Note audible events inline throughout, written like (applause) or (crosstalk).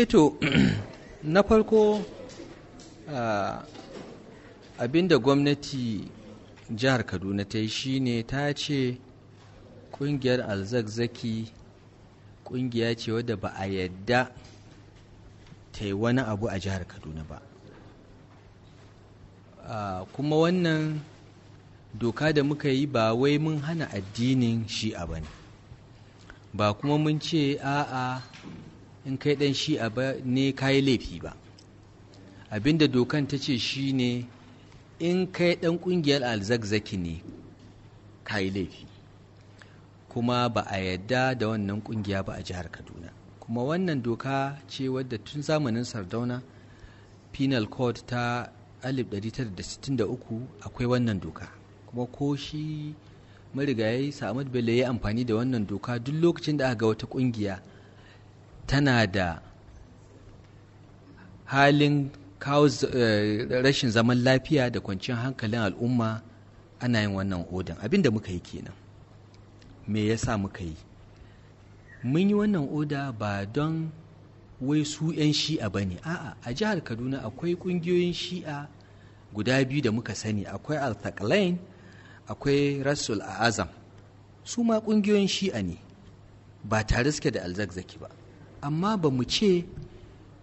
eto eh (clears throat) na farko abinda gwamnati jihar kaduna ta yi shine ta ce kungiyar alzakzaki kungiya ce wadda ba a yadda ta yi wani abu a jihar kaduna ba kuma wannan doka da muka yi ba wai mun hana addinin shi'a ba ne ba kuma mun ce a'a in kai dan shi ba ne kayi laifi ba abinda dokan ta ce shi ne in kai dan kungiyar alzakzaki ne kayi laifi kuma ba a yadda da wannan kungiya ba a jihar kaduna kuma wannan doka ce wadda tun zamanin sardauna penal code ta 1963 akwai wannan doka kuma ko shi marigayi sa'amad bello ya yi amfani da wannan doka duk lokacin da aka ga wata kungiya tana da halin kawo eh, rashin zaman lafiya da kwanciyar hankalin al'umma ana yin wannan odin abin da muka yi kenan me ya sa muka yi mun yi wannan oda ba don wai su 'yan shi'a ba ne a'a a jihar kaduna akwai ƙungiyoyin shi'a guda biyu da muka sani akwai althakalain akwai rasul azam su ma ƙungiyoyin shi'a ne ba tare suke da alzakzaki ba amma ba mu ce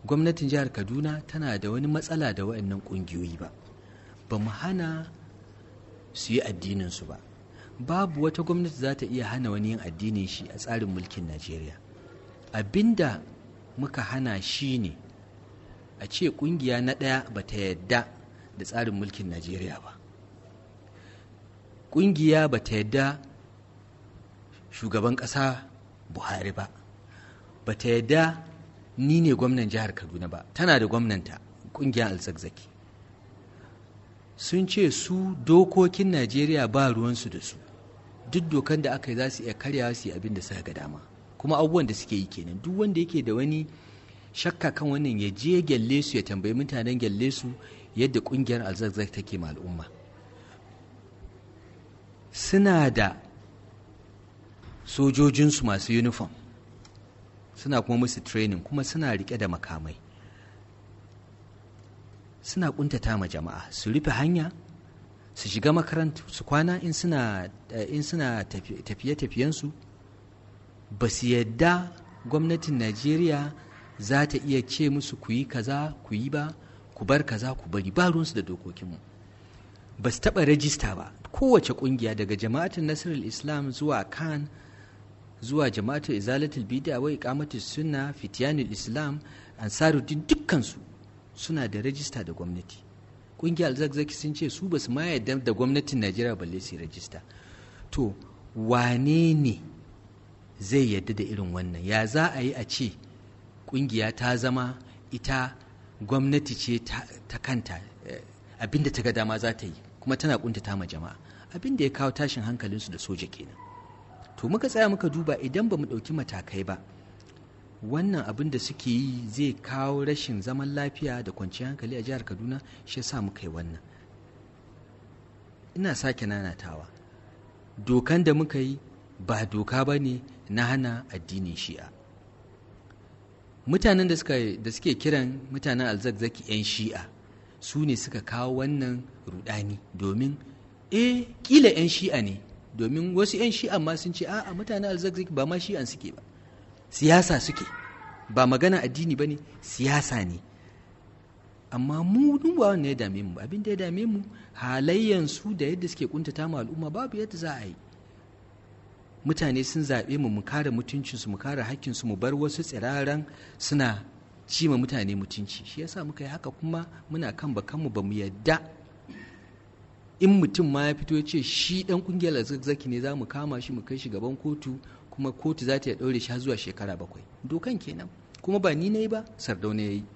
gwamnatin jihar kaduna tana da wani matsala da waɗannan ƙungiyoyi ba ba mu hana su yi addininsu ba babu wata gwamnati za ta iya hana wani yin addinin shi a tsarin mulkin najeriya abinda muka hana shi ne a ce ƙungiya na ɗaya ba ta yadda da tsarin mulkin najeriya ba ƙungiya ba ta yadda shugaban ƙasa buhari ba ba ta yadda ni ne gwamnan jihar kaduna ba tana da gwamnanta ƙungiyar alzakzaki sun ce su dokokin najeriya ba ruwansu da su duk dokan da aka yi za su iya karyawa su yi abin da suka ga dama kuma abubuwan da suke yi kenan duk wanda yake da wani shakka kan wannan ya je gyalle su ya tambayi mutanen gyalle su yadda kungiyar alzazzak take ma al'umma suna da sojojinsu masu uniform suna kuma musu training kuma suna riƙe da makamai suna ƙuntata ma jama'a su rufe hanya su shiga makarantu su kwana in suna eh, in suna tafiye-tafiyensu ba su yadda gwamnatin najeriya za ta iya ce musu ku yi kaza ku yi ba ku bar kaza ku bari ba ruwansu da dokokinmu ba su taɓa rajista ba kowace ƙungiya daga jama'atin nasirar islam zuwa kan zuwa jama'atul izalatul bid'a wa iqamatus sunna fitiyanul islam ansaruddin dukkan su suna da rajista da gwamnati kungiyar zakzaki sun ce su basu ma yarda da gwamnatin Najeriya balle su rajista to wane ne zai yarda da irin wannan ya za a yi a ce kungiya ta zama ita gwamnati ce ta kanta eh, abinda ta ga dama za ta yi kuma tana kuntata ma jama'a Abin da ya kawo tashin hankalinsu da soja kenan to muka tsaya muka duba idan ba mu ɗauki matakai ba wannan abin da suke yi zai kawo rashin zaman lafiya da kwanciyar hankali a jihar kaduna shi sa muka yi wannan ina sake nanatawa dokan da muka yi ba doka ba ne na hana addinin shi'a mutanen da suke kiran mutanen alzakzaki 'yan shi'a su ne suka kawo wannan rudani domin eh kila 'yan shi'a ne domin wasu 'yan shi'a ma sun ce a'a mutanen alzakzaki ba ma shi'an suke ba siyasa suke ba magana addini ba ne siyasa ne amma mu duba wanda ya dame mu abin da ya dame mu halayyan da yadda suke kuntata mu al'umma babu yadda za a yi mutane sun zaɓe mu mu kare mutuncinsu mu kare hakkinsu mu bar wasu tsiraran suna cima mutane mutunci shi yasa muka yi haka kuma muna kan bakanmu ba mu yadda in mutum ma ya fito ya ce shi dan kungiyar zazzaki ne za mu kama shi mu kai shi gaban kotu kuma kotu za ta ya ɗaure shi har zuwa shekara bakwai dokan kenan kuma ba ni na yi ba sardauna ya yi